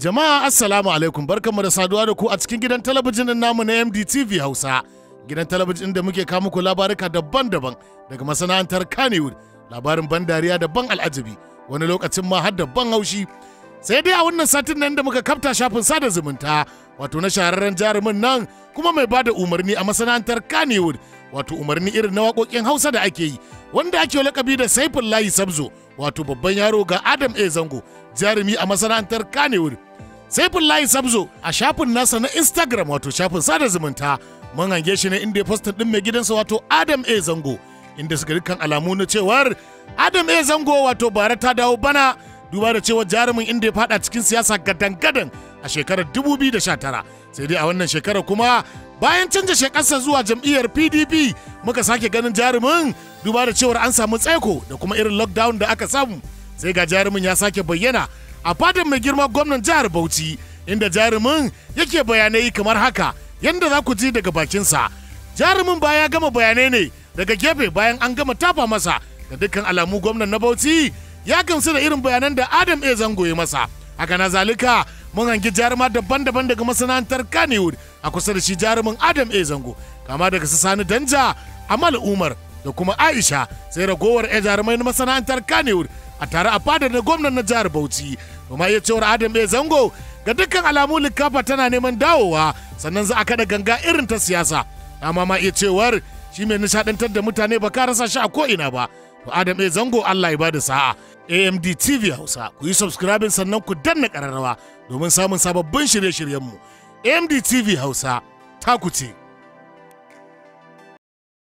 Jama'a assalamu alaikum barkanmu da saduwa da ku a cikin gidan talabijin namu na MDTV Hausa. Gidan talabijin da muke kawo muku labarika daban-daban daga masana'antar Kannywood, labarin ban dariya da ban al'ajabi, wani lokacin ma har da ban haushi. Sai dai a wannan satin nan da muka kafta shafin sada zumunta, wato na shahararren jarumin nan kuma mai bada umarni a masana'antar Kannywood, wato umarni irin na waƙoƙin Hausa da ake yi, wanda ake lakabi da Saifullahi Sabzo, wato babban yaro ga adam a zango jarumi a masana'antar sai saifullahi sabzo a shafin nasa na instagram wato shafin sada zumunta mun hange shi ne inda ya fasta din mai gidansa wato adam a zango inda suka dukkan alamu na cewar adam a zango wato bara ta dawo bana duba da cewa jarumin inda ya fada cikin siyasa gadan-gadan a shekarar 2019 sai dai a wannan shekarar kuma bayan canza shekarsa zuwa jam'iyyar pdp muka sake ganin jarumin duba da cewar an samu tsaiko da kuma irin lockdown da aka samu sai ga jarumin ya sake bayyana a fadin mai girma gwamnan jihar bauchi inda jarumin yake bayanai kamar haka yadda za ku ji daga bakinsa jarumin baya gama bayanai ne daga gefe bayan an gama tafa masa da dukkan alamu gwamnan na bauchi ya gamsu da irin bayanan da adam e zango ya masa haka na zalika mun hangi jaruma daban-daban daga masana'antar kanewood a kusa da shi jarumin adam a zango kama daga su sani danja amal umar da kuma aisha sai ragowar ya jarumai na masana'antar kanewood a tare a fadar da gwamnan na jihar bauchi kuma ya cewar adam a zango ga dukkan alamu likafa tana neman dawowa sannan za a kada ganga irin ta siyasa amma ma iya cewar shi mai nishadantar da mutane ba ka rasa shi a ko'ina ba ba adam ɗaya zango allah ya ba da sa'a amd tv hausa ku yi subscribing sannan ku danna ƙararrawa domin samun sababbin shirye-shiryenmu amd tv hausa taku ce